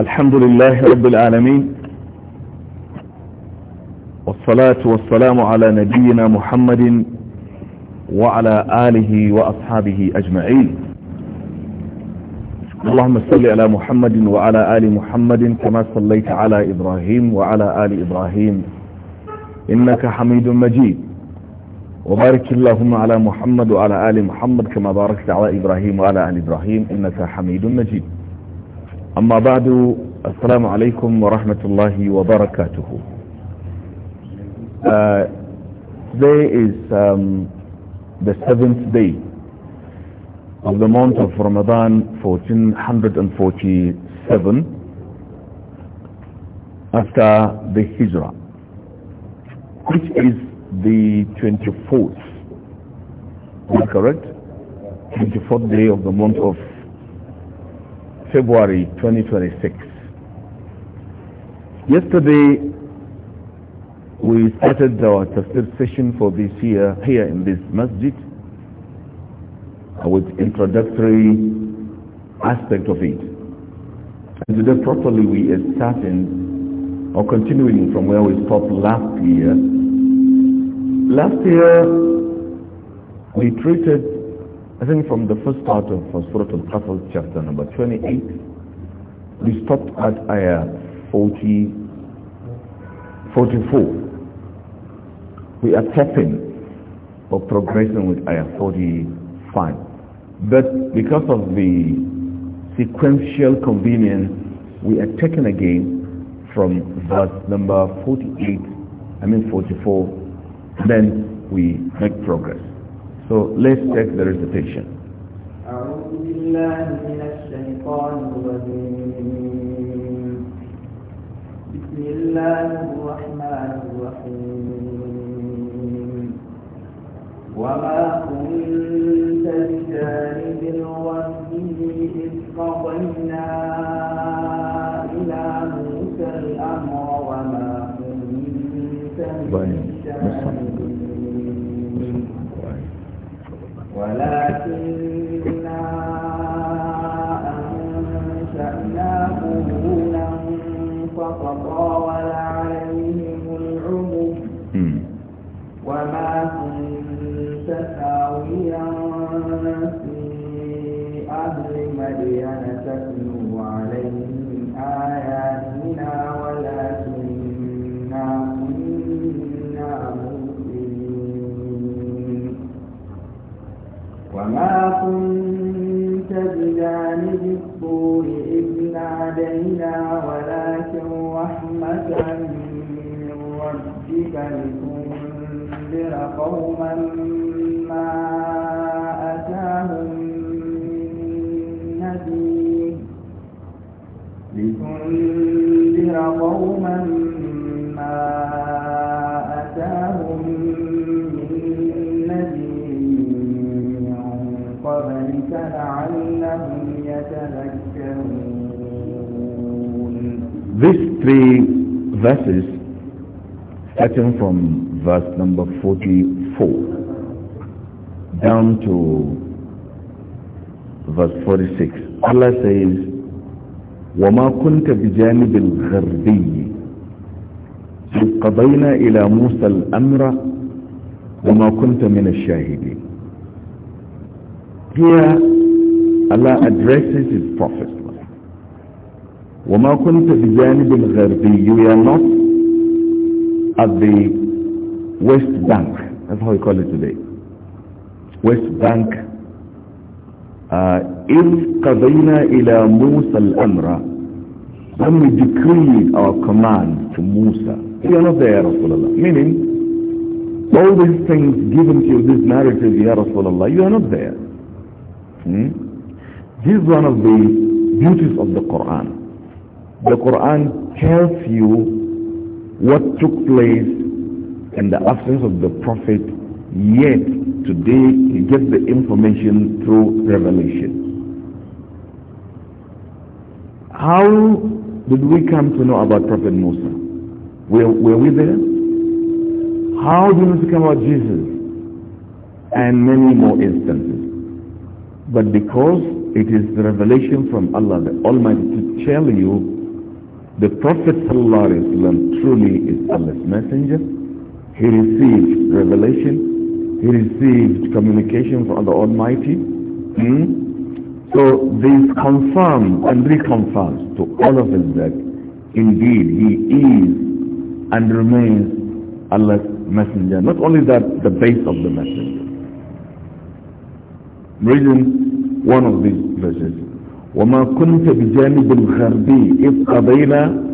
الحمد لله رب العالمين والصلاة والسلام على نبينا محمد وعلى آله وأصحابه أجمعين اللهم صل على محمد وعلى آل محمد كما صليت على إبراهيم وعلى آل إبراهيم إنك حميد مجيد وبارك اللهم على محمد وعلى آل محمد كما باركت على إبراهيم وعلى آل إبراهيم إنك حميد مجيد أما بعد السلام عليكم ورحمة الله وبركاته uh, Today is um, the seventh day of the month of Ramadan 1447 after the Hijrah which is the 24th correct? 24th day of the month of February 2026. Yesterday, we started our tafsir session for this year here in this masjid with introductory aspect of it. And today properly we are starting or continuing from where we stopped last year. Last year we treated I think from the first part of Surah al chapter number 28, we stopped at ayah 40, 44. We are tapping or progressing with ayah 45. But because of the sequential convenience, we are taken again from verse number 48, I mean 44, then we make progress. So let's take the recitation. بسم الله الرحمن الرحيم وما كنت بجانب الغرب إذ قضينا إلى موسى ولكننا أنشأنا قرونا فتطاول عليهم العمر وما كنت ثاويا في أهل مدين تتلو عليهم آياتنا وما كنت بجانب الطور إذ نادينا ولكن رحمة من ربك لتنذر قوما ما أتاهم من نذير لتنذر قوما These three verses, starting from verse number 44 down to verse 46, Allah says, وما كنت بجانب الغربي إذ قضينا إلى موسى الأمر وما كنت من الشاهدين Here Allah addresses his prophet وما you are not at the west bank that's how we call it today west bank uh, إذ قضينا إلى موسى الأمر when we decreed our command to Musa you are not there Rasulullah meaning all these things given to you, this narrative, Ya Rasulullah, you are not there. Hmm? This is one of the beauties of the Quran. The Quran tells you what took place in the absence of the Prophet, yet today he gets the information through revelation. How did we come to know about Prophet Musa? Were, were we there? How did we come about Jesus? And many more instances but because it is the revelation from Allah the Almighty to tell you the Prophet ﷺ truly is Allah's messenger. He received revelation. He received communication from the Almighty. Hmm? So this confirms and reconfirms to all of us that indeed he is and remains Allah's messenger. Not only that, the base of the messenger i reading one of these verses. وما كنت بجانب الغربي إذ قضينا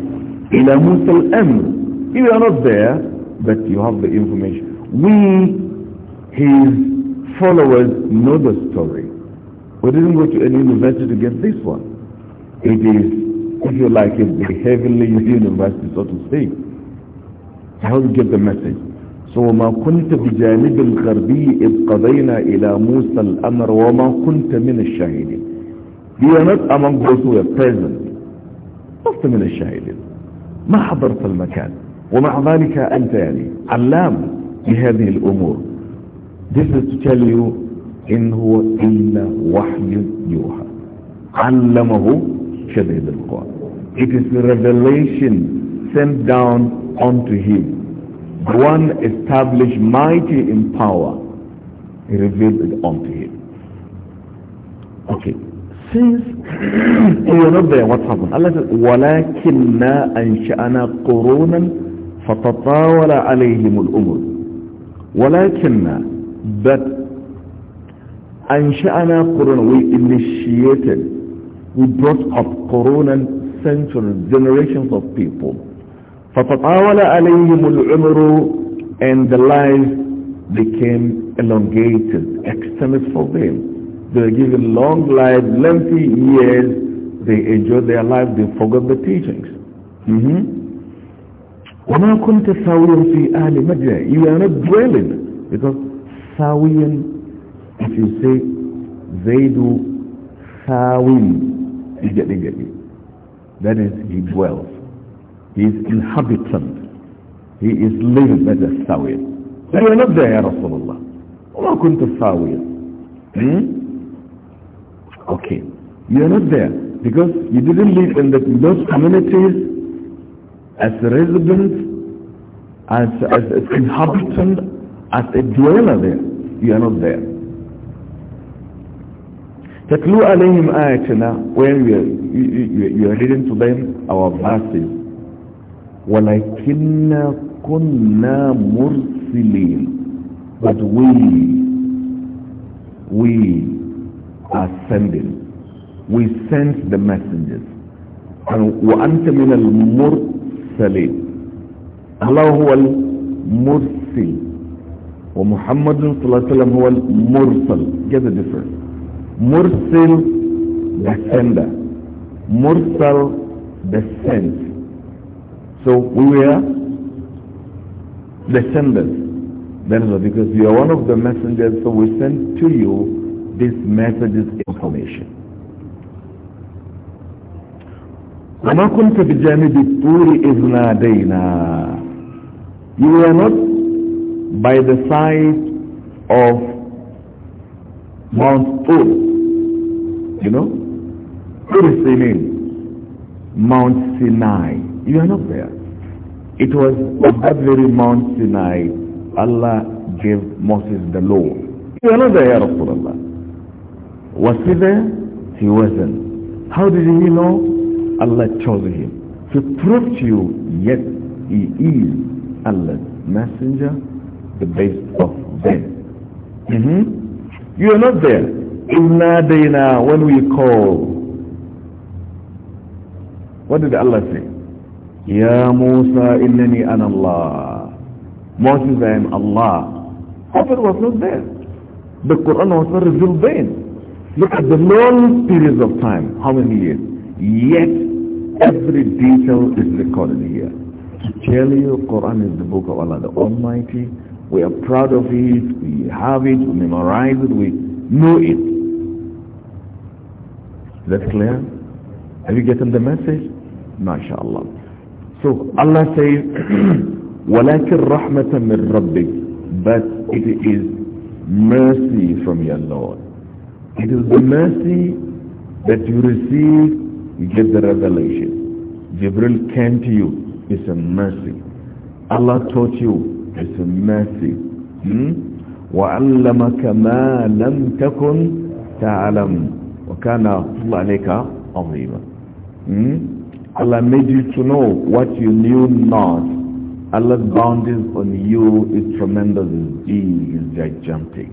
إلى موسى الأمر If you are not there, but you have the information. We, his followers, know the story. We didn't go to any university to get this one. It is, if you like, it's the heavenly university, so to speak. How hope you get the message. وما كنت بجانب الغربي إذ قضينا إلى موسى الأمر وما كنت من الشاهدين You are not among those who are present لست من الشاهدين ما حضرت المكان ومع ذلك أنت يعني علام لهذه الأمور This is to tell you إن هو إلا وحي يوحى علمه شديد القوى It is the revelation sent down unto him one established mighty in power, he revealed it unto him. Okay. Since we are not there, what happened? Allah said, وَلَكِنَّا أَنْشَأَنَا قُرُونًا فَتَطَاوَلَ عَلَيْهِمُ الْأُمُرُ وَلَكِنَّا But أَنْشَأَنَا قُرُونًا We initiated, we brought up قُرُونًا centuries, generations of people. فَتَطَاوَلَ عَلَيْهِمُ الْعُمْرُ And the life became elongated, extended for them. They were given long life, lengthy years. They enjoyed their life. They forgot the teachings. Mm -hmm. وَمَا كُنْتَ ثَاوِيًا فِي أَهْلِ مَدْيَنَ You are not dwelling. Because ثَاوِيًا, if you say they do ثَاوِي, you get, get it. That is, he dwells. He is inhabitant. He is living as a sawir. So you are not there, Ya Rasulullah. وما hmm? Okay. You are not there because you didn't live in the, those communities as a resident, as, as an inhabitant, as a dweller there. You are not there. تتلو عليهم آياتنا when we are, you, you, you are reading to them our verses ولكن كنا مرسلين but we we are sending we sent the messengers and وأنت من المرسلين الله هو المرسل ومحمد صلى الله عليه وسلم هو المرسل get the difference مرسل the sender مرسل the sent So we were descendants. That is because you are one of the messengers, so we send to you this message's information. وما كنت بجانب الطور إذ نادينا You were not by the side of Mount Tur. You know? Tur Sinai Mount Sinai. You are not there. It was on that very Mount Sinai Allah gave Moses the law. You are not there, Ya Rasulullah. Was he there? He wasn't. How did he know? Allah chose him to prove to you, yet he is Allah's messenger, the best of them. Mm -hmm. You are not there. Inna dayna, when we call. What did Allah say? يا Musa innani أَنَا Allah. Moses, I am Allah. Prophet was not there. The Quran was not revealed then. Look at the long periods of time. How many years? Yet every detail is recorded here. To tell you, Quran is the book of Allah, the Almighty. We are proud of it. We have it. We memorize it. We know it. Is that clear? Have you gotten the message? MashaAllah. So Allah says, وَلَكِنْ رَحْمَةً مِنْ رَبِّكَ But it is mercy from your Lord. It is the mercy that you receive, you get the revelation. Jibril came to you, it's a mercy. Allah taught you, it's a mercy. وَعَلَّمَكَ مَا لَمْ تَكُنْ تَعْلَمْ وَكَانَ اللَّهُ عَلَيْكَ عَظِيمًا Allah made you to know what you knew not. Allah's boundaries on you is tremendous, is big, is gigantic.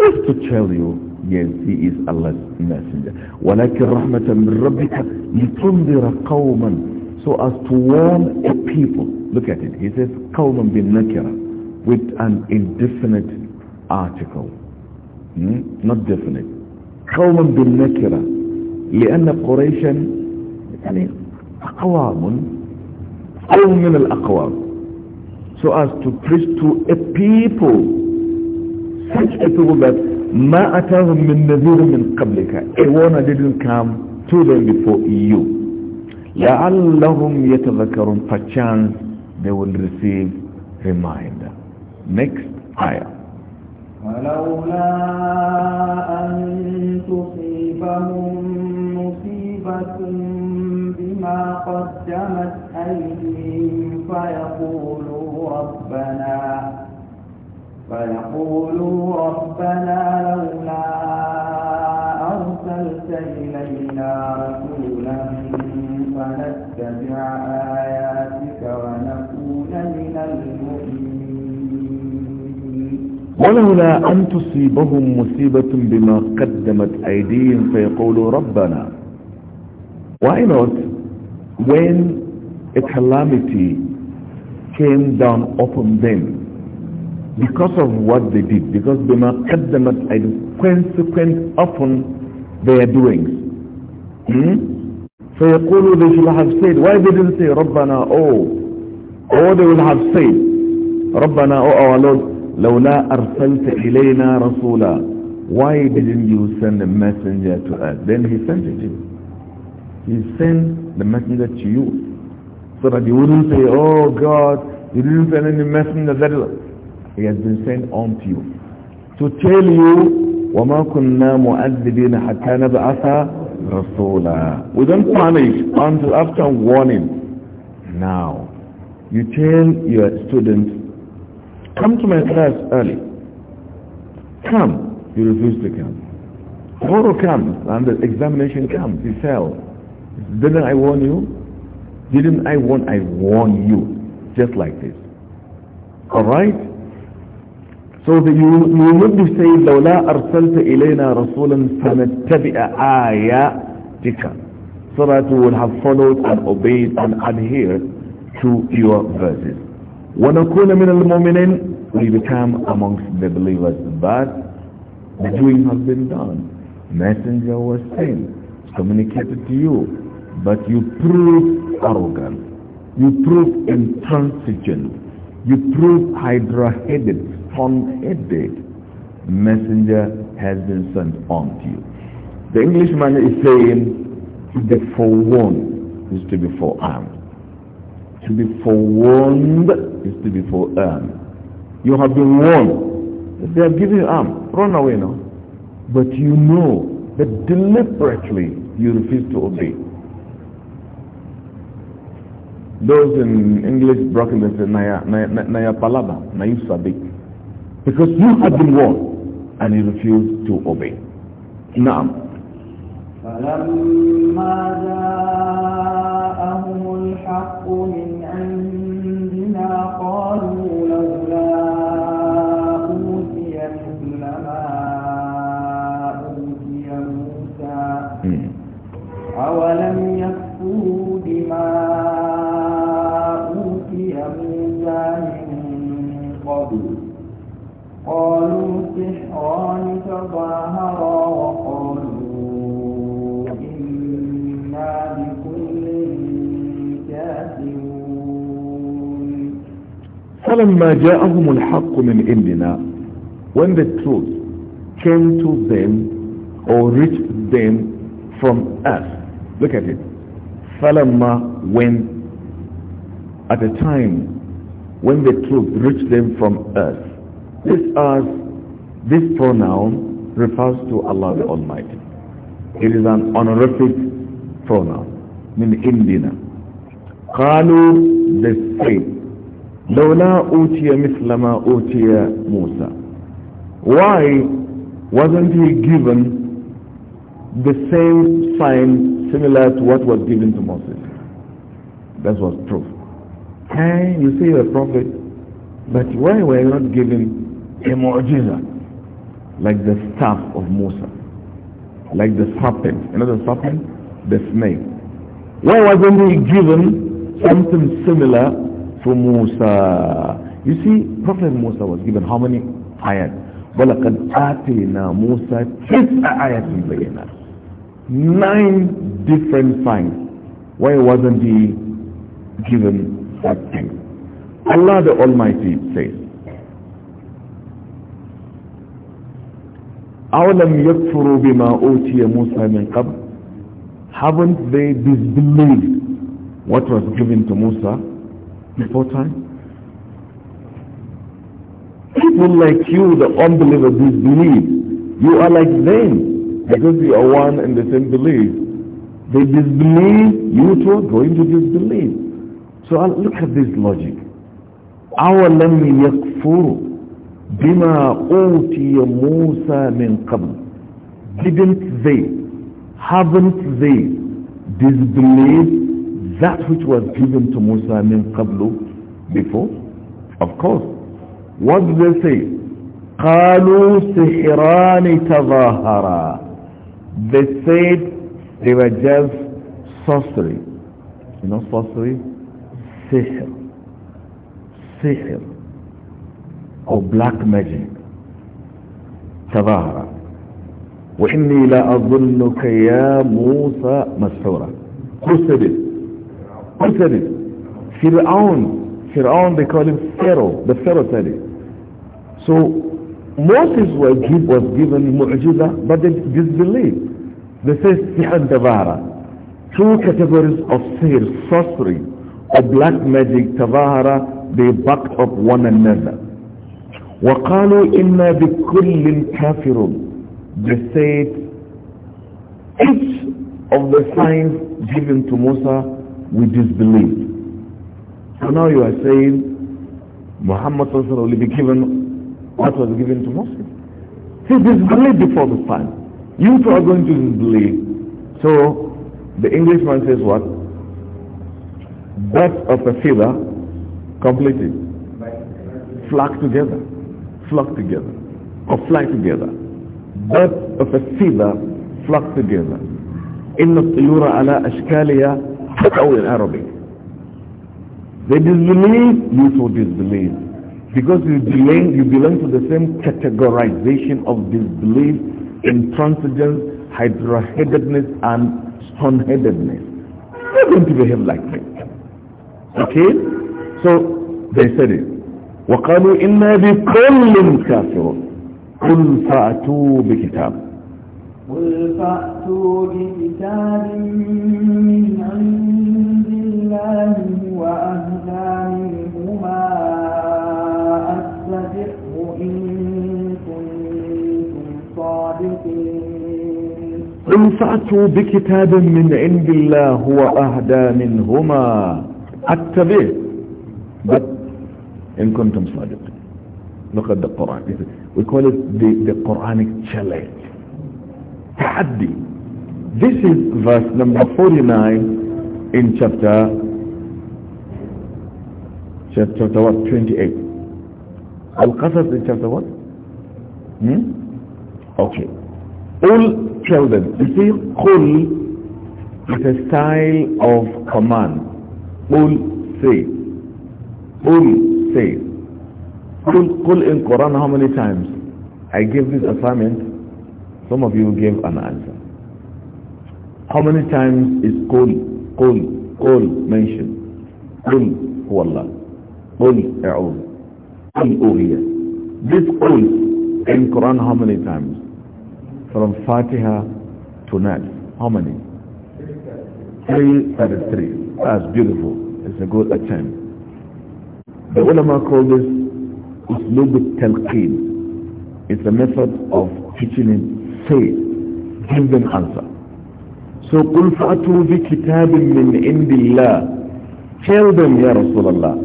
Just to tell you, yes, he is Allah's messenger. وَلَكِنْ رَحْمَةً مِنْ رَبِّكَ لِتُنْذِرَ قَوْمًا So as to warn a people. Look at it. He says, قَوْمًا بِالنَّكِرَةِ With an indefinite article. Hmm? Not definite. قَوْمًا بِالنَّكِرَةِ لأن قريشا يعني أقوام أو من الأقوام so as to preach to a people such a people that ما أتاهم من نذير من قبلك a warner didn't come to them before you لعلهم يتذكرون perchance they will receive reminder next ayah أن تصيبهم مصيبة بما قدمت أيديهم فيقولوا ربنا فيقولوا ربنا لولا أرسلت إلينا رسولا فنتبع آياتك ونكون من ولولا أن تصيبهم مصيبة بما قدمت أيديهم فيقولوا ربنا Why not when a calamity came down upon them because of what they did, because they kept them at a consequent upon their doings. Hmm? فيقولوا they should have said, why they didn't say ربنا oh, or they will have said, ربنا oh our Lord, لولا أرسلت إلينا رسولا Why didn't you send a messenger to us? Then he sent it to you. He sent the messenger to you so that you wouldn't say, oh God, you didn't send any messenger. That he has been sent on to you. To tell you, وَمَا كُنَّا حَتَّى نَبْعَثَ رَسُولًا We don't punish until after warning. Now, you tell your students, come to my class early. Come. You refuse to come. Tomorrow comes and the examination comes. You fail. Didn't I warn you? Didn't I warn I warn you? Just like this. Alright? So that you, you would be saying, لَوْلَا أَرْسَلْتَ إِلَيْنَا رَسُولًا فَنَتَّبِعَ آيَاتِكَ So that you would have followed and obeyed and adhered to your verses. وَنَكُونَ مِنَ الْمُؤْمِنِينَ We become amongst the believers. But the doing has been done. Messenger was sent, communicated to you. But you prove arrogant. You prove intransigent. You prove hydra-headed, stone-headed. Messenger has been sent on to you. The Englishman is saying, the forewarned is to be forearmed. To be forewarned is to be forearmed. You have been warned. They have given you arm. Run away now. But you know that deliberately you refuse to obey. Those in English broken, they say, Naya, Naya, Palaba, naya, Sabik. Because you had been warned and you refused to obey. نعم hmm. أولم قالوا سحران تظاهرا وقالوا إنا بكل كافرون فلما جاءهم الحق من عندنا when the truth came to them or reached them from us look at it فلما when at a time when the truth reached them from us this as this pronoun refers to Allah the Almighty. It is an honorific pronoun, meaning Indina. قالوا they say لولا أوتي مثل ما أوتي موسى why wasn't he given the same sign similar to what was given to Moses that was proof hey you see the a prophet but why were you not given a mu'jiza, like the staff of Musa, like the serpent. Another you know serpent? The snake. Why wasn't he given something similar for Musa? You see, Prophet Musa was given how many ayat? وَلَقَدْ آتَيْنَا مُوسَى تِسْعَ آيَاتٍ بَيِّنَاتٍ Nine different signs. Why wasn't he given that thing? Allah the Almighty says, أولم يكفروا بما أوتي Musa min قبل haven't they disbelieved what was given to Musa before time people like you the unbeliever disbelieve you are like them because you are one and the same belief they disbelieve you too are going to disbelieve so look at this logic أولم يكفروا bima utiya Musa min qabl didn't they haven't they disbelieved that which was given to Musa min qablu before of course what did they say قالوا سحران تظاهرا they said they were just sorcery you know sorcery sihr sihr أو بلاك ماجيك تظاهر وإني لا أظنك يا موسى مسحورا كسبت كسبت فرعون فرعون they call him Pharaoh the Pharaoh said it so Moses was, give, was given معجزة but they disbelieved they say سحن tavahara two categories of sales sorcery or black magic تظاهر they backed up one another وَقَالُوا إِنَّا بِكُلٍ كَافِرٌ They said, each of the signs given to Musa, we disbelieved. So now you are saying, Muhammad will be given what was given to Moses. He disbelieved before the time. You two are going to disbelieve. So the Englishman says what? Birth of a feather completed. Flock together flock together or fly together. Birds of a feather flock together. إن الطيور على أشكالها أو in Arabic. They disbelieve, you so disbelieve. Because you belong, you belong to the same categorization of disbelief, intransigence, hydra-headedness and stone-headedness. You're going to behave like that. Okay? So they said it. وقالوا إنا بكل كافرون قل فأتوا بكتاب قل فأتوا بكتاب من عند الله أهدى منهما أتبعه إن كنتم صادقين قل فأتوا بكتاب من عند الله أهدى منهما أتبه in kuntum sadiqin look at the Quran we call it the, the Quranic challenge ta'addi this is verse number 49 in chapter chapter what 28 Al-Qasas in chapter what hmm? okay all tell them you see Qul is a style of command. All say. Ul Say, Qul, in Quran how many times? I give this assignment. Some of you give an answer. How many times is Qul, Qul, Qul mentioned? Qul huwallah. Qul a'ud. Qul uhiya. This Qul in Quran how many times? From Fatiha to Nas. How many? 333. That's beautiful. It's a good attempt. The ulama call this uslub talqeen. It's a method of teaching him, say, give them answer. So قُلْ فَأْتُوا بِكِتَابٍ مِّنْ عِنْدِ اللَّهِ Tell them, Ya Rasulullah,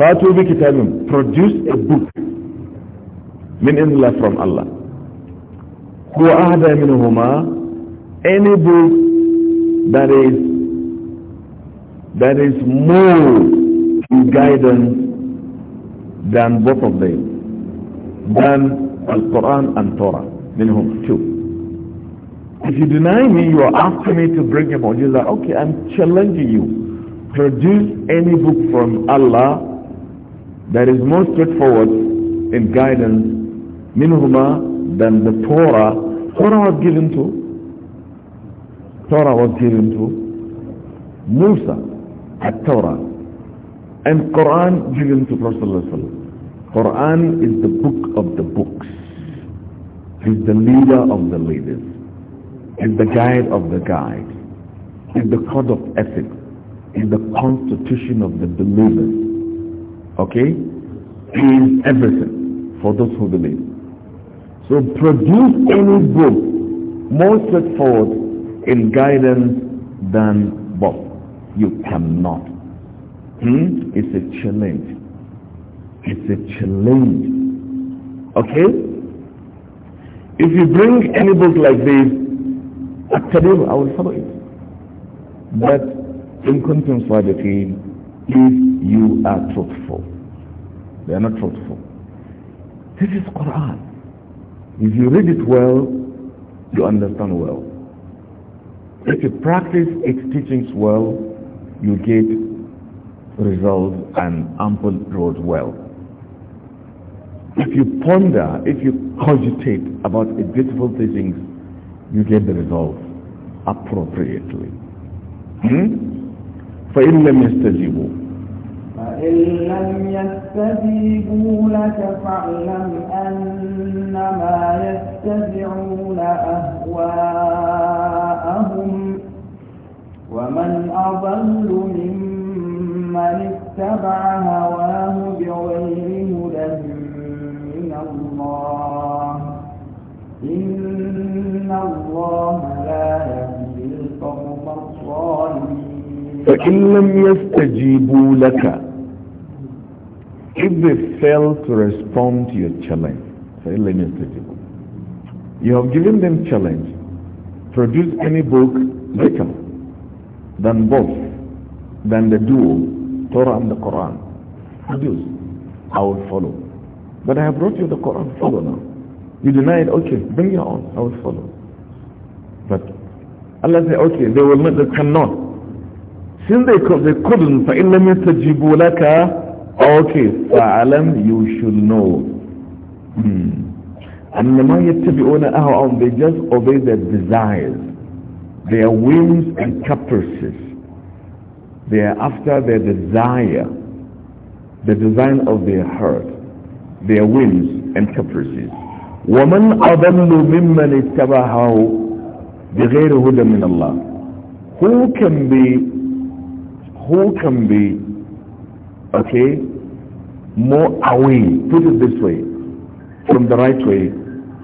فَأْتُوا بِكِتَابٍ Produce a book مِّنْ عِنْدِ اللَّهِ from Allah. هُوَ أَهْدَى مِنْهُمَا Any book that is that is more true guidance than both of them, than Al-Quran and Torah. Minhum, two. If you deny me, you are asking me to bring a like, Okay, I'm challenging you. Produce any book from Allah that is more straightforward in guidance minhuma than the Torah. Torah was given to Torah was given to Musa at Torah and Quran given to Prophet Quran is the book of the books. He's the leader of the leaders. He's the guide of the guide, He's the code of ethics. He's the constitution of the believers. Okay? He is everything for those who believe. So produce any book more straightforward in guidance than Bob. You cannot Hmm? It's a challenge. It's a challenge. Okay? If you bring any book like this, you, I will follow it. But in contrast, team, if you are truthful, they are not truthful. This is Quran. If you read it well, you understand well. If you practice its teachings well, you get Resolve and ample road wealth. If you ponder, if you cogitate about a beautiful teachings, you get the resolve appropriately. Hmm? فإن لم يستجيبوا فإن لم يستجيبوا لك فاعلم أنما يتبعون أهواءهم ومن أضل ممن من اتبع هواه بغير هدى من الله إن الله لا يهدي القوم الصالحين فإن لم يستجيبوا لك if they fail to respond to your challenge فإن لم يستجيبوا you have given them challenge produce any book better than both than the duo Torah and the Quran. Produce. I will follow. But I have brought you the Quran. Follow now. You denied. Okay, bring your own. I will follow. But Allah said, okay, they will not. They cannot. Since they, could, they couldn't, فَإِلَّمْ يَسْتَجِيبُوا لَكَ Okay, فَعَلَمْ You should know. Hmm. أَنَّمَا يَتَّبِعُونَ أَهْوَعَهُمْ They just obey their desires, their whims and caprices. They are after their desire, the design of their heart, their whims and caprices. وَمَنْ أَضَلُّ مِمَّنِ اتَّبَعَهُ بِغَيْرِ هُدًى مِنَ اللَّهِ Who can be, who can be, okay, more away, put it this way, from the right way,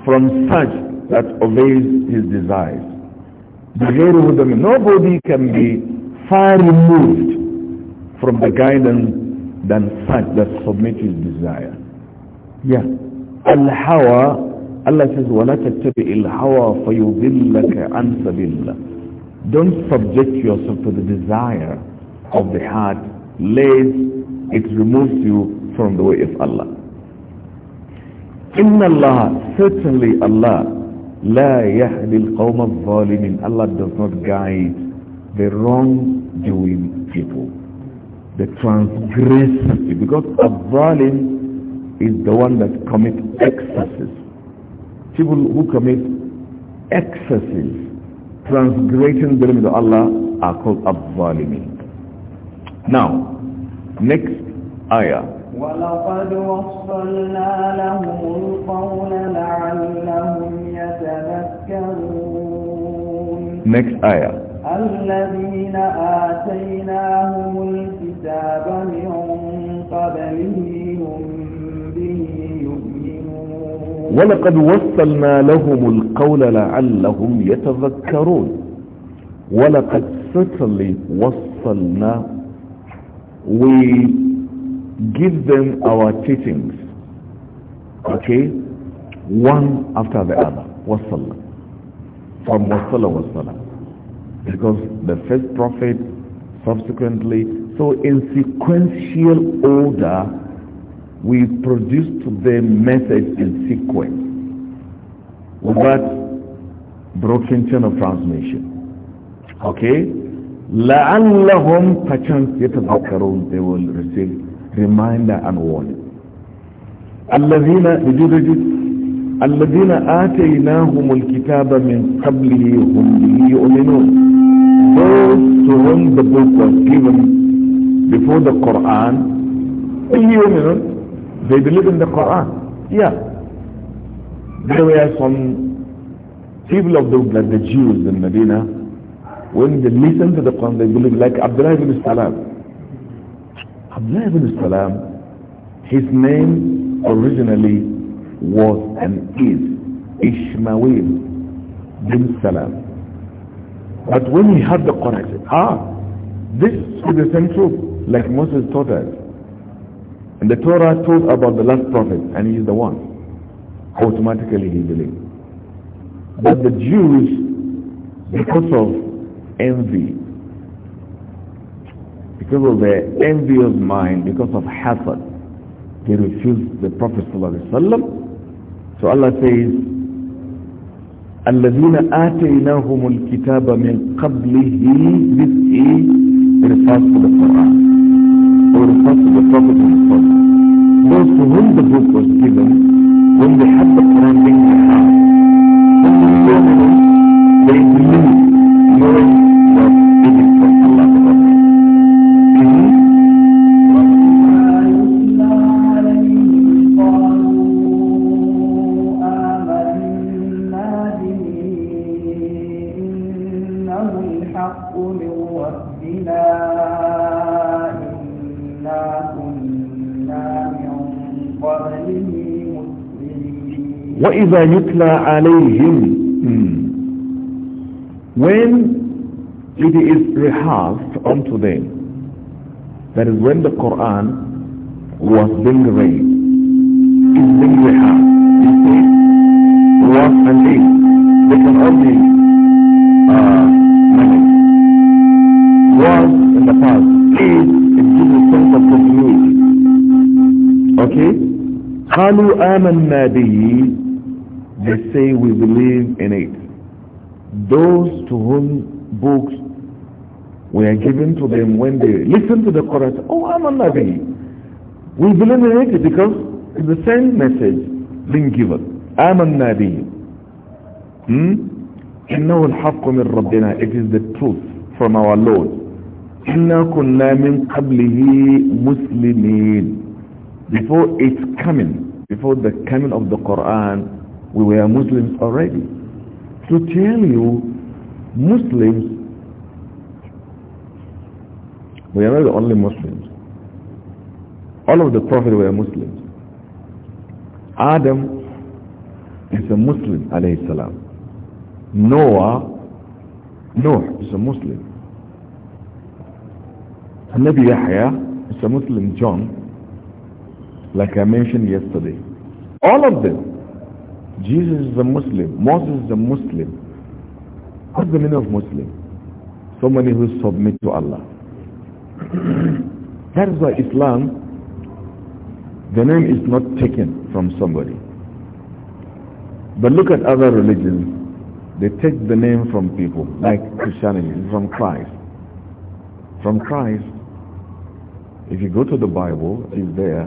from such that obeys his desires. بِغَيْرِ هُدًى Nobody can be far removed from the guidance than that that submit his desire. Yeah. Al-hawa, Allah says, وَلَا تَتَّبِئِ الْحَوَى فَيُضِلَّكَ عَنْ سَبِيلَّهِ Don't subject yourself to the desire of the heart, lest it removes you from the way of Allah. إِنَّ اللَّهَ Certainly Allah, لَا يَهْدِ الْقَوْمَ الظَّالِمِينَ Allah does not guide the wrongdoing people, the transgressors, because Abzalim is the one that commits excesses. People who commit excesses, transgressing the limit of Allah, are called Abzalimi. Now, next ayah. ولقد وصلنا لهم القول لعلهم يتذكرون Next ayah الذين آتيناهم الكتاب من قبله هم به يؤمنون ولقد وصلنا لهم القول لعلهم يتذكرون ولقد certainly وصلنا we give them our teachings okay one after the other وصلنا from وصل وصلنا because the first prophet subsequently so in sequential order we produce the message in sequence without broken chain of transmission okay لعلهم perchance يتذكرون they will receive reminder and warning الذين did you read it الذين آتيناهم الكتاب من قبله هم به يؤمنون those to whom the book was given before the Quran يؤمنون they believe in the Quran yeah there were some people of the like the Jews in Medina when they listen to the Quran they believe like Abdullah ibn Salam Abdullah ibn Salam his name originally was and is Ishmael bin Salam. But when he heard the Quran, he said, ah, this is the same truth, like Moses taught us. And the Torah taught about the last prophet, and he is the one. Automatically he believed. But the Jews, because of envy, because of their envious mind, because of hatred, they refused the Prophet ﷺ so Allah says الَّذِينَ آتَيْنَاهُمُ الْكِتَابَ مِنْ قَبْلِهِ this is refers to the Quran or refers to the Prophet himself those to whom the book was given when they had the Quran being their when it is rehearsed unto them that is when the Quran was being read is being rehearsed is being was and is they can only uh, was in the past is it gives a sense of continuity okay قالوا آمنا به they say we believe in it. Those to whom books were given to them when they listen to the Quran, say, oh, I'm a Nabi. We believe in it because it's the same message being given. I'm a Nabi. Hmm? إنه الحق من ربنا It is the truth from our Lord Inna kunna min قبله Muslimin Before its coming Before the coming of the Quran we were Muslims already. To tell you, Muslims, we are not the only Muslims. All of the prophets were Muslims. Adam is a Muslim, alayhi salam. Noah, Noah is a Muslim. Nabi Yahya is a Muslim, John, like I mentioned yesterday. All of them Jesus is a Muslim. Moses is a Muslim. What's the meaning of Muslim? Somebody who submits to Allah. that is why Islam, the name is not taken from somebody. But look at other religions. They take the name from people, like Christianity, from Christ. From Christ, if you go to the Bible, it's there.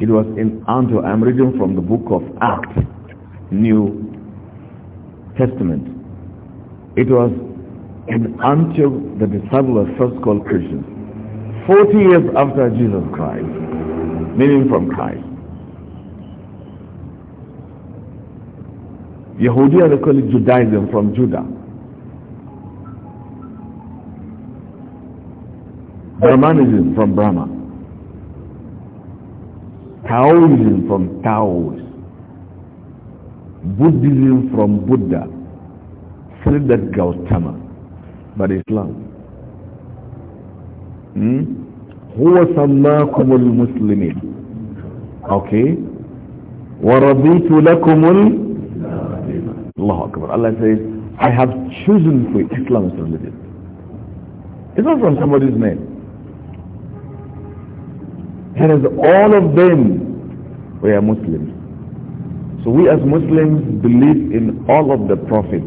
It was in Antioch. I'm reading from the book of Acts New Testament. It was in until the disciples were first called Christians. 40 years after Jesus Christ, meaning from Christ. Yehudia, they call it Judaism from Judah. Brahmanism from Brahma. Taoism from Taoist. Buddhism from Buddha, said that Gautama, but Islam. was هو سماكم المسلمين okay ورضيت لكم ال... Allah أكبر Allah says I have chosen for Islam as religion it's not from somebody's name and as all of them were Muslims so we as Muslims believe in all of the prophets.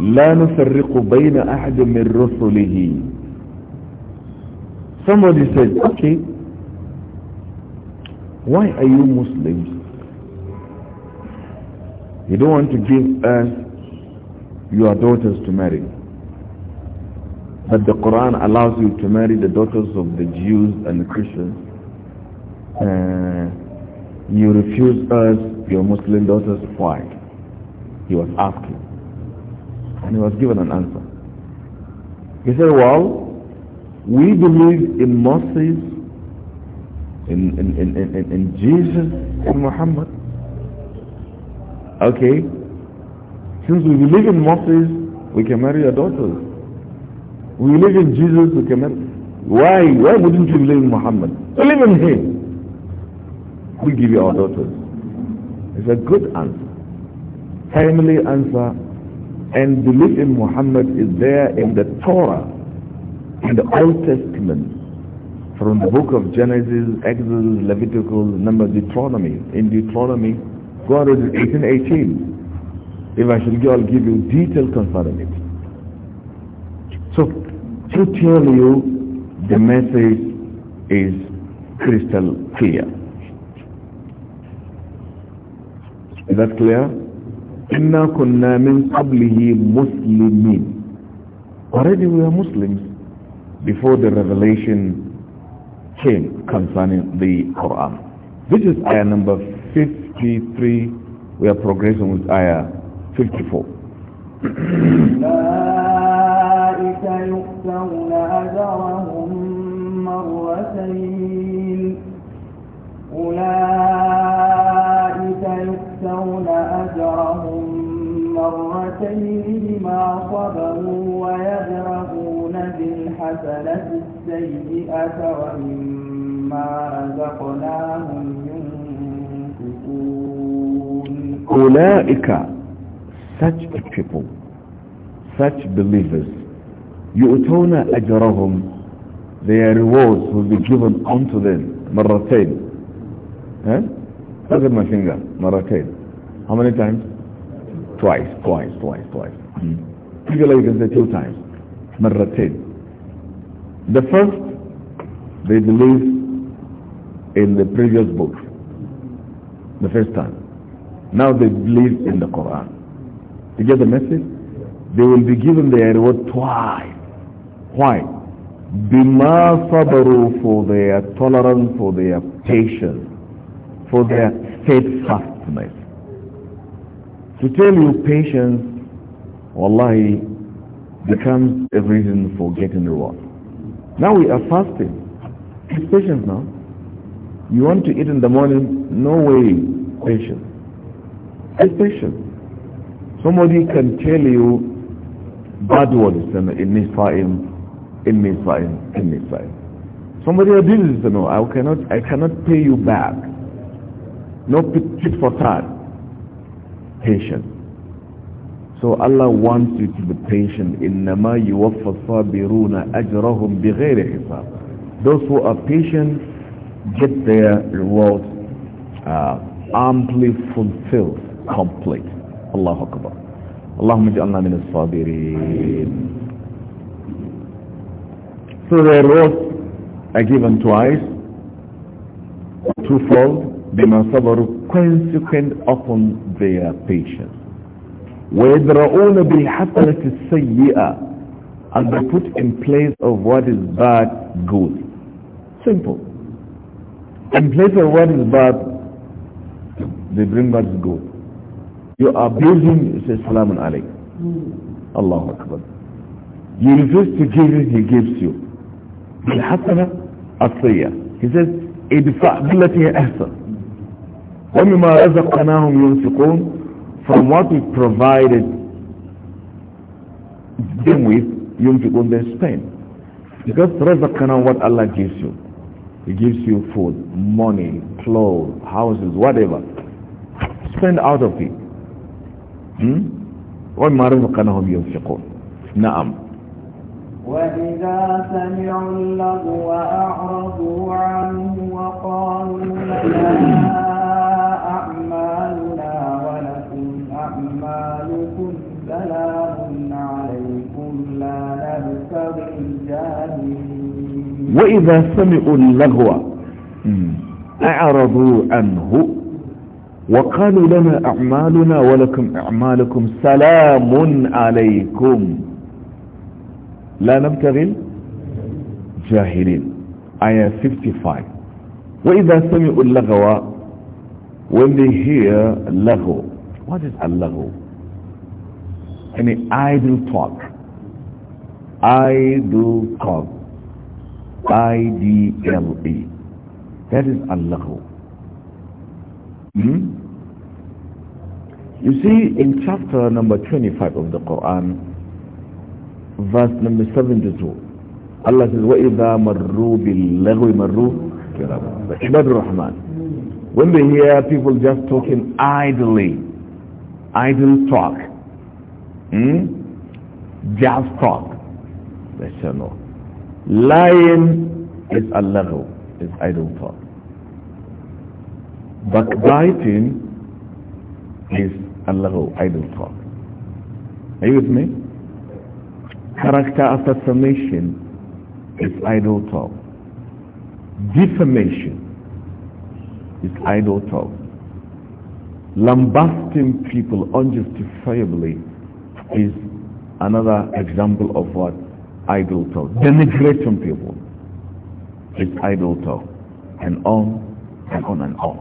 لا نفرق بين أحد من رسله Somebody said, okay, why are you Muslims? You don't want to give us your daughters to marry. But the Quran allows you to marry the daughters of the Jews and the Christians. Uh, you refuse us your Muslim daughters, why? He was asking. And he was given an answer. He said, well, we believe in Moses, in, in, in, in, in Jesus, in Muhammad. Okay, since we believe in Moses, we can marry our daughters. We believe in Jesus, we can marry. Why? Why wouldn't you believe in Muhammad? Believe in him we give you our daughters. It's a good answer. Timely answer. And belief in Muhammad is there in the Torah, in the Old Testament, from the book of Genesis, Exodus, Leviticus, Numbers, Deuteronomy. In Deuteronomy, God is 1818. If I should go, I'll give you detailed concerning it. So, to tell you, the message is crystal clear. Is that clear? إِنَّا كُنَّا he mostly مُسْلِمِينَ Already we are Muslims before the revelation came concerning the Quran. This is ayah number 53. We are progressing with ayah 54. يؤتون أجرهم مرتين بما صبروا ويدرؤون بالحسنة السيئة ومما رزقناهم ينفقون أولئك such a people such believers يؤتون أجرهم their rewards will be given unto them مرتين huh? Look at my finger, Marrakesh. How many times? Twice, twice, twice, twice. Mm. like, you can say two times. Marrakesh. The first, they believe in the previous book. The first time. Now they believe in the Quran. You get the message? They will be given the reward twice. Why? Bima sabaru for their tolerance, for their patience for their steadfastness. To tell you patience, wallahi, becomes a reason for getting reward. Now we are fasting. It's patience now. You want to eat in the morning? No way. Patience. It's patience. Somebody can tell you bad words and in Nisa'im, in Nisa'im, in Nisa'im. Somebody abuses, you no, I cannot, I cannot pay you back no pit for tat. Patience. So Allah wants you to be patient. إِنَّمَا يُوَفَّ الصَّابِرُونَ أَجْرَهُمْ بِغَيْرِ hisab. Those who are patient get their reward uh, amply fulfilled, complete. Allahu Akbar. اللهم اجعلنا من الصابرين. So the rewards are given twice, twofold, بما صبروا consequent upon their patience ويدرؤون بالحسنة السيئة and they put in place of what is bad good simple in place of what is bad they bring what is good you are abusing you say "Salamu alaykum Allahu Akbar you refuse to give it he gives you بالحسنة السيئة he says ادفع بالتي هي احسن وَمِمَا رَزَقْنَاهُمْ يُنْفِقُونَ From what we provided them with, يُنْفِقُونَ they spend. Because رَزَقْنَاهُمْ what Allah gives you. He gives you food, money, clothes, houses, whatever. Spend out of it. Hmm? وَمِمَا رَزَقْنَاهُمْ يُنْفِقُونَ نعم وإذا سمعوا اللغو أعرضوا عنه وقالوا لنا أعمالكم سلام عليكم لا نبتغي الجاهلين وإذا سمعوا اللغو أعرضوا عنه وقالوا لنا أعمالنا ولكم أعمالكم سلام عليكم لا نبتغي الجاهلين آية 55 وإذا سمعوا اللغو when they hear لغو What is Allahu? Any idle talk. Idle talk. I-D-L-E. That is Allahu. Hmm? You see, in chapter number 25 of the Quran, verse number 72, Allah says, وَإِذَا مَرُّوا بِاللَّغْوِ مَرُّوا كِرَامًا Ibad Rahman. When they hear people just talking idly, idle talk, hmm? just talk. They say no. Lying is a level, is idle talk. Backbiting is a level, idle talk. Are you with me? Character assassination is idle talk. Defamation is idle talk lambasting people unjustifiably is another example of what idol talk denigrating people is idol talk and on and on and on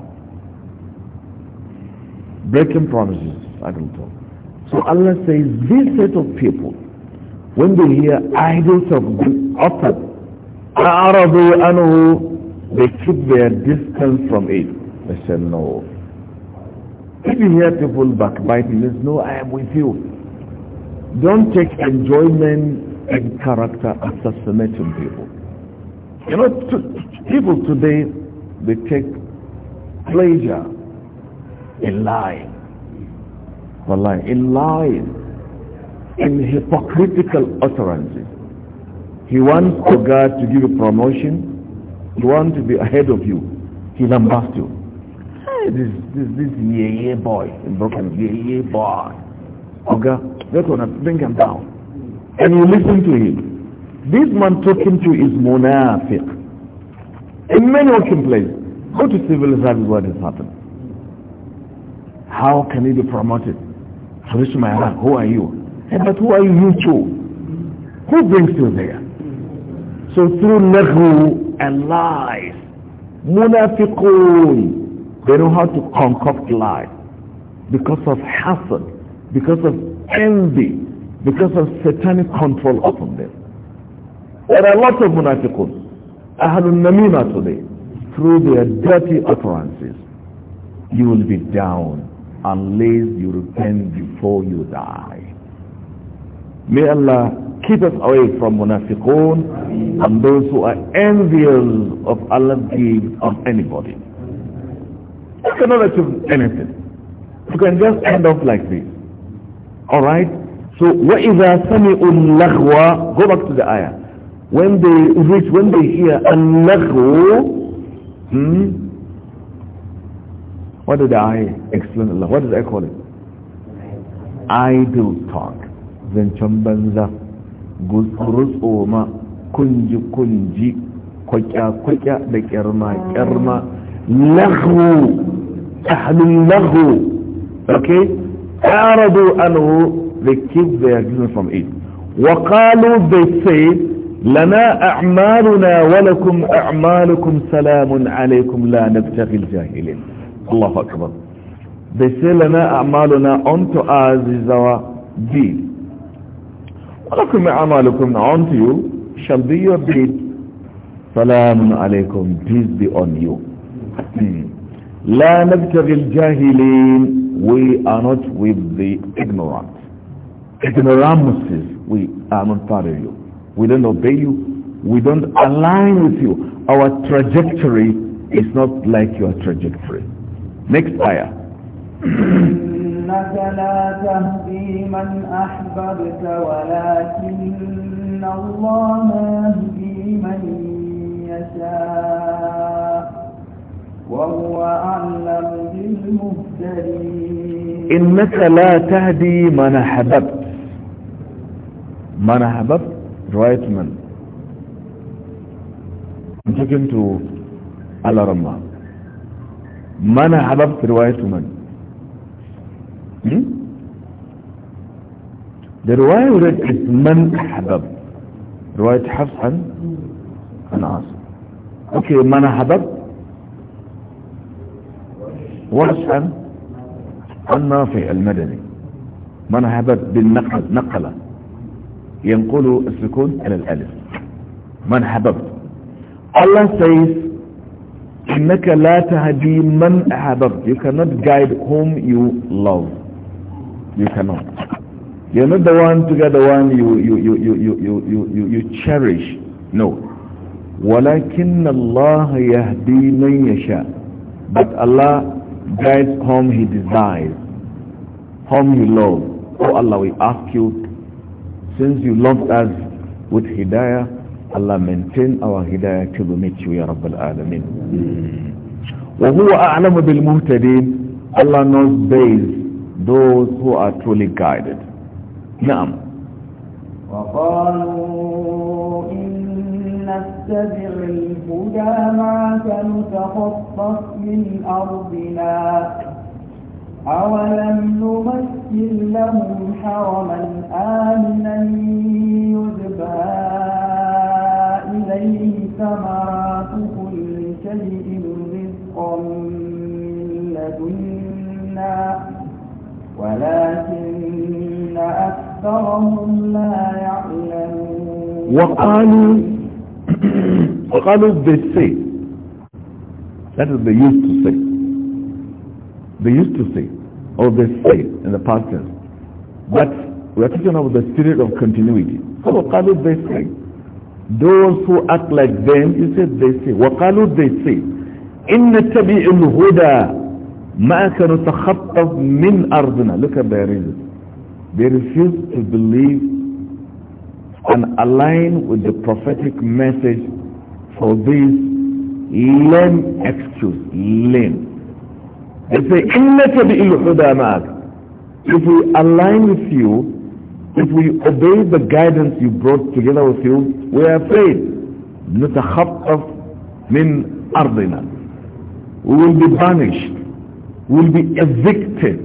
breaking promises idol talk so allah says this set of people when they hear of talk uttered they keep their distance from it they say no if you hear people backbiting, just know I am with you. Don't take enjoyment in character assassinating people. You know, to, people today, they take pleasure in lying. For lying. In lying. In hypocritical utterances. He wants God to give you promotion. He wants to be ahead of you. He lambasts you this this this yeah yeah boy in Brooklyn, yeah yeah boy. Okay, that's gonna bring him down. And you listen to him. This man talking to you is munafiq. In many working places, go to civil service what has happened. How can he be promoted? To my rank, who are you? Hey, but who are you, too? Who brings you there? So through lahu and lies, munafiqun, they know how to concoct lies because of hatred, because of envy, because of satanic control upon them. There are lots of munafiqun, a namina today, through their dirty utterances. You will be down unless you repent before you die. May Allah keep us away from munafiqun and those who are envious of Allah's gift of anybody cannot achieve anything. You can just end up like this. Alright? So, وَإِذَا سَمِعُوا اللَّغْوَ Go back to the ayah. When they reach, when they hear اللَّغْوَ hmm, What did I explain Allah? What did I call it? Idle talk. Then chambanza, Gutsuru Kunji kunji. Kwakya kwakya da kyarma kyarma. أهل له أعرضوا عنه they keep their business from it وقالوا they say لنا أعمالنا ولكم أعمالكم سلام عليكم لا نبتغي الجاهلين الله أكبر they say لنا أعمالنا unto us is our deed ولكم أعمالكم unto you shall be your deed سلام عليكم peace be on you hmm. لا نبتغي الجاهلين we are not with the ignorant ignoramuses we are not part of you we don't obey you we don't align with you our trajectory is not like your trajectory next ayah إنك لا تهدي من أحببت ولكن الله يهدي من يشاء إنك لا تهدي من أحببت من أحببت رواية من انت كنت على رمى من أحببت رواية من hmm? رواية ركت من أحببت رواية حفص عن عاصم اوكي من أحببت واسأل النافع المدني من هبت بالنقل نقلة ينقل السكون إلى الألف من حببت الله says انك لا تهدي من احببت you cannot guide whom you love you cannot you're not the one to get the one you you you you you you you, you cherish no ولكن الله يهدي من يشاء but Allah guides whom he desires, whom he loves. Oh Allah, we ask you, since you loved us with hidayah, Allah maintain our hidayah till we meet you, Ya Rabbal Alameen. وَهُوَ أَعْلَمُ بِالْمُهْتَدِينَ Allah knows best those who are truly guided. نعم. وقالوا نتبع الهدى معك نتخطف من أرضنا أولم نمثل لهم حرما آمنا يجبى إليه ثمرات كل شيء رزقا من لدنا ولكن أكثرهم لا يعلمون وقالوا وَقَالُوا They say. That is they used to say. They used to say. Or they say in the past tense. But we are talking about the spirit of continuity. So وَقَالُوا They say. Those who act like them, you said they say. وَقَالُوا They say. إِنَّ تَبِعِ الْهُدَى ما نتخطف من أرضنا look at their reason they refuse to believe and align with the prophetic message for this lame excuse, lame. They say, إِنَّكَ بِإِلْحُدَى If we align with you, if we obey the guidance you brought together with you, we are afraid. نتخطف من أرضنا. We will be banished. We will be evicted.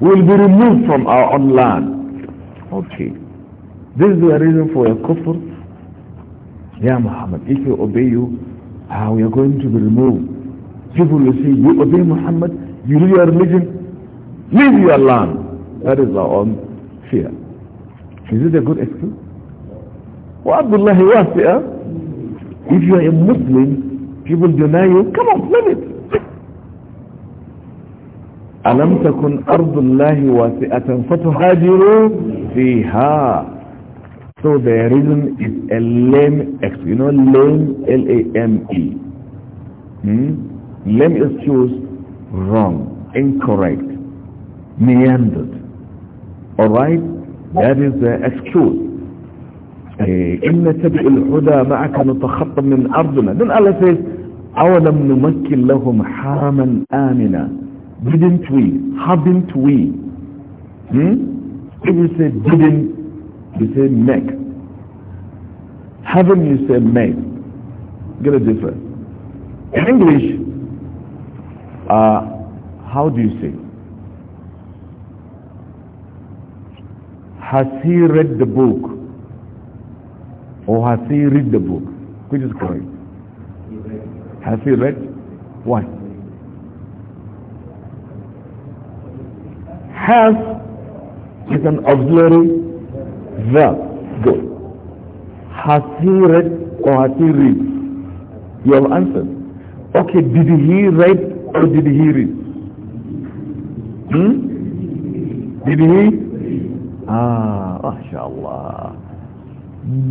We will be removed from our own land. Okay. This is the reason for your kufr Ya Muhammad, if you obey you, how we are going to be removed. People will say, you obey Muhammad, you leave your religion, leave your land. That is our own fear. Is it a good excuse? Well, Abdullah if you are a Muslim, people deny you, come on, leave it. ألم تكن أرض الله واسعة فتهاجروا فيها So the reason is a lame excuse. You know lame, L-A-M-E. Hmm? Lame is choose wrong, incorrect, meandered. Alright? That is the excuse. إن تبئ الهدى معك نتخطى من أرضنا. Then Allah says, أولم نمكن لهم حرما آمنا. Didn't we? Haven't we? Hmm? If you say didn't, You say neck. Heaven, you say neck. Get a difference. In English, uh, how do you say? Has he read the book? Or has he read the book? Which is correct? Has he read? Why? Has is an auxiliary the Good. Has he read or has he read? You have answered. Okay, did he read or did he read? Hmm? Did he? Ah, mashallah.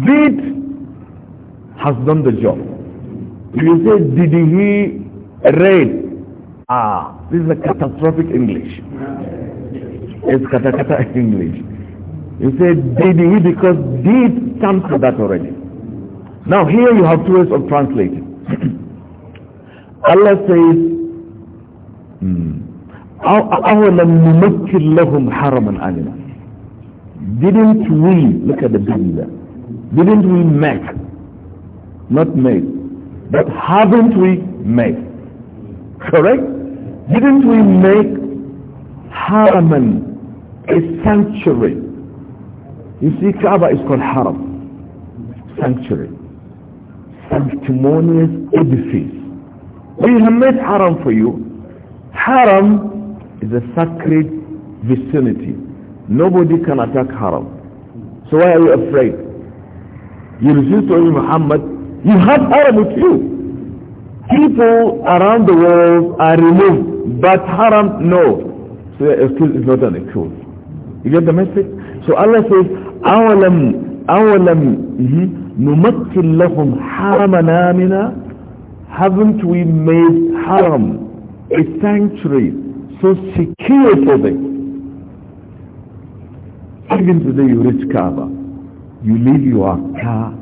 Did has done the job. You say, did he read? Ah, this is a catastrophic English. It's katakata English. You did he? because did stands for that already. Now here you have two ways of translating. Allah says, اولم نُمَكِّنْ لَهُمْ آمِنًا Didn't we, look at the beginning there, didn't we make, not made, but haven't we made, correct? Didn't we make haraman, a sanctuary, you see, Kaaba is called Haram, sanctuary, sanctimonious edifice. We have made Haram for you. Haram is a sacred vicinity. Nobody can attack Haram. So why are you afraid? You refuse to obey Muhammad. You have Haram with you. People around the world are removed, but Haram, no. So excuse is not an excuse. You get the message? So Allah says, أَوَلَمْ أَوَلَمْ نُمَكِّنْ لَهُمْ حَرَمَنَا مِنَا Haven't we made haram, a sanctuary, so secure for them? Even today you reach Kaaba, you leave your car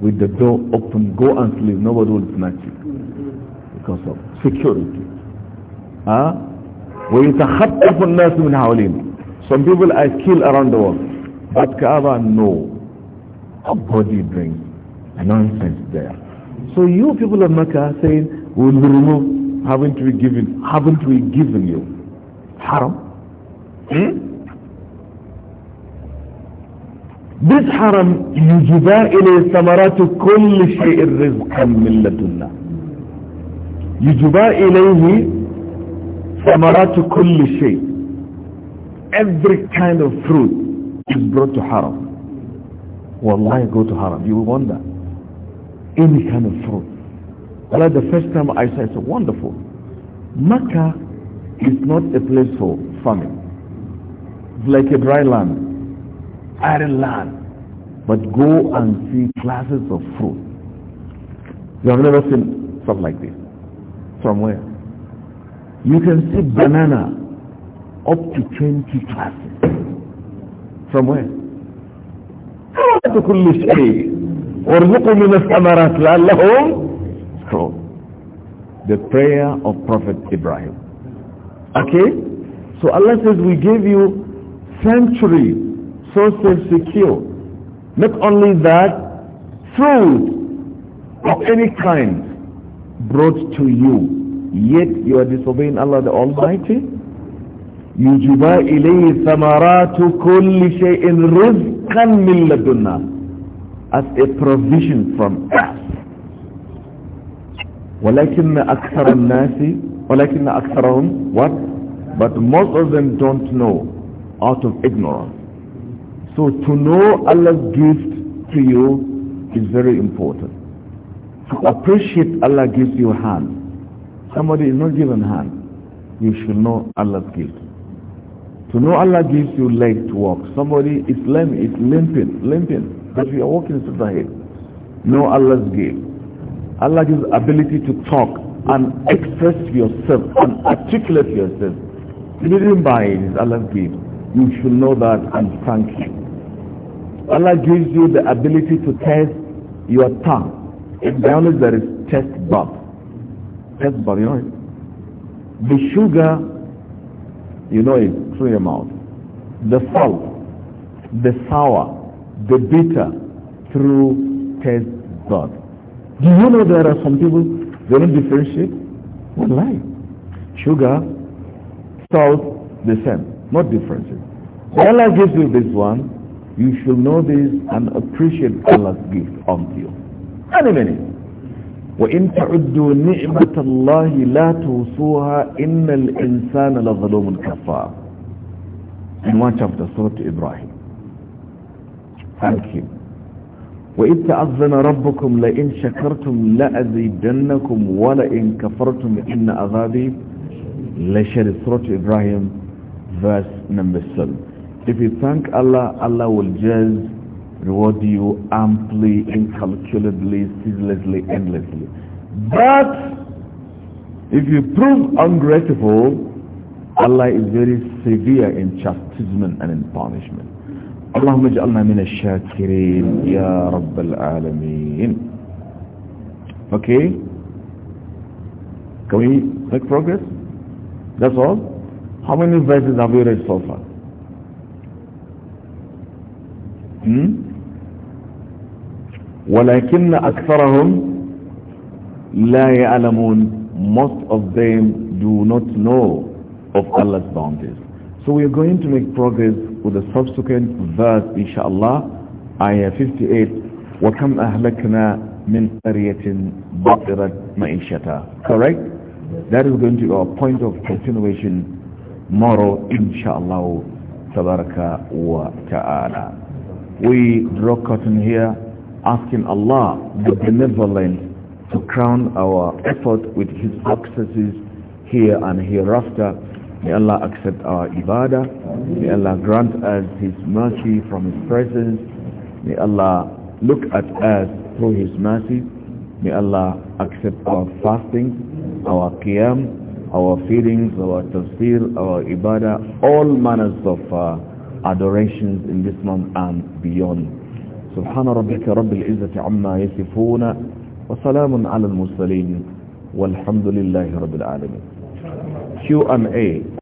with the door open, go and sleep, nobody will snatch you because of security. Huh? ويتخطف الناس من Hawalim. some people are killed around the world but Kaaba, no. Nobody brings nonsense there. So you people of Mecca saying, we'll remove, haven't we given, haven't we given you haram? Hmm? This haram يجبى إليه ثمرات كل شيء رزقا من لدنا يجبى إليه ثمرات كل شيء every kind of fruit is brought to haram. Wallahi, go to haram. You will wonder. Any kind of fruit. Well, the first time I said, it's wonderful. Mecca is not a place for farming. It's like a dry land, arid land. But go and see classes of fruit. You have never seen stuff like this. Somewhere. You can see banana up to 20 classes. From where? حرمة كل شيء وارزقوا من الثمرات لعلهم يشكرون the prayer of Prophet Ibrahim. Okay? So Allah says, we gave you sanctuary, sources secure. Not only that, fruit of any kind brought to you, yet you are disobeying Allah the Almighty. يجبى إليه ثمرات كل شيء رزقا من لدنا as a provision from us ولكن أكثر الناس ولكن أكثرهم what but most of them don't know out of ignorance so to know Allah's gift to you is very important to appreciate Allah gives you hand somebody is not given hand you should know Allah's gift so no Allah gives you leg to walk. Somebody is lame, is limping, limping. But we are walking to the head. No Allah's gift. Allah gives ability to talk and express yourself and articulate yourself. You by not it's Allah's gift. You should know that and thank Him. Allah gives you the ability to test your tongue. In biology there is test bulb. Test bulb, you know it? The sugar you know it through your mouth. The salt, the sour, the bitter through taste God. Do you know there are some people they don't differentiate? What lie? Sugar, salt, the same, not differences. Allah gives you this one, you should know this and appreciate Allah's gift unto you. Any minute. وإن تعدوا نعمة الله لا توصوها إن الإنسان لظلوم كفار in one chapter Surah Ibrahim thank him تأذن ربكم لئن شكرتم لأزيدنكم ولئن كفرتم إن أذابي لشر Surah Ibrahim verse number 7 if you thank Allah Allah will judge reward you amply, incalculably, ceaselessly, endlessly. But if you prove ungrateful, Allah is very severe in chastisement and in punishment. min اجعلنا من ya يا al العالمين. Okay? Can we make progress? That's all? How many verses have we read so far? Hmm? ولكن أكثرهم لا يعلمون most of them do not know of Allah's bounties. So we are going to make progress with the subsequent verse, inshallah, ayah 58, وَكَمْ أَهْلَكْنَا مِنْ قَرْيَةٍ بَطِرَتْ مَعِشَتَا Correct? That is going to be our point of continuation tomorrow, inshallah, tabaraka wa ta'ala. We draw curtain here asking Allah the benevolent to crown our effort with his successes here and hereafter. May Allah accept our ibadah. May Allah grant us his mercy from his presence. May Allah look at us through his mercy. May Allah accept our fasting, our qiyam, our feelings, our tafsir, our ibadah, all manners of uh, adorations in this month and beyond. سبحان ربك رب العزة عما يصفون وسلام على المرسلين والحمد لله رب العالمين Q&A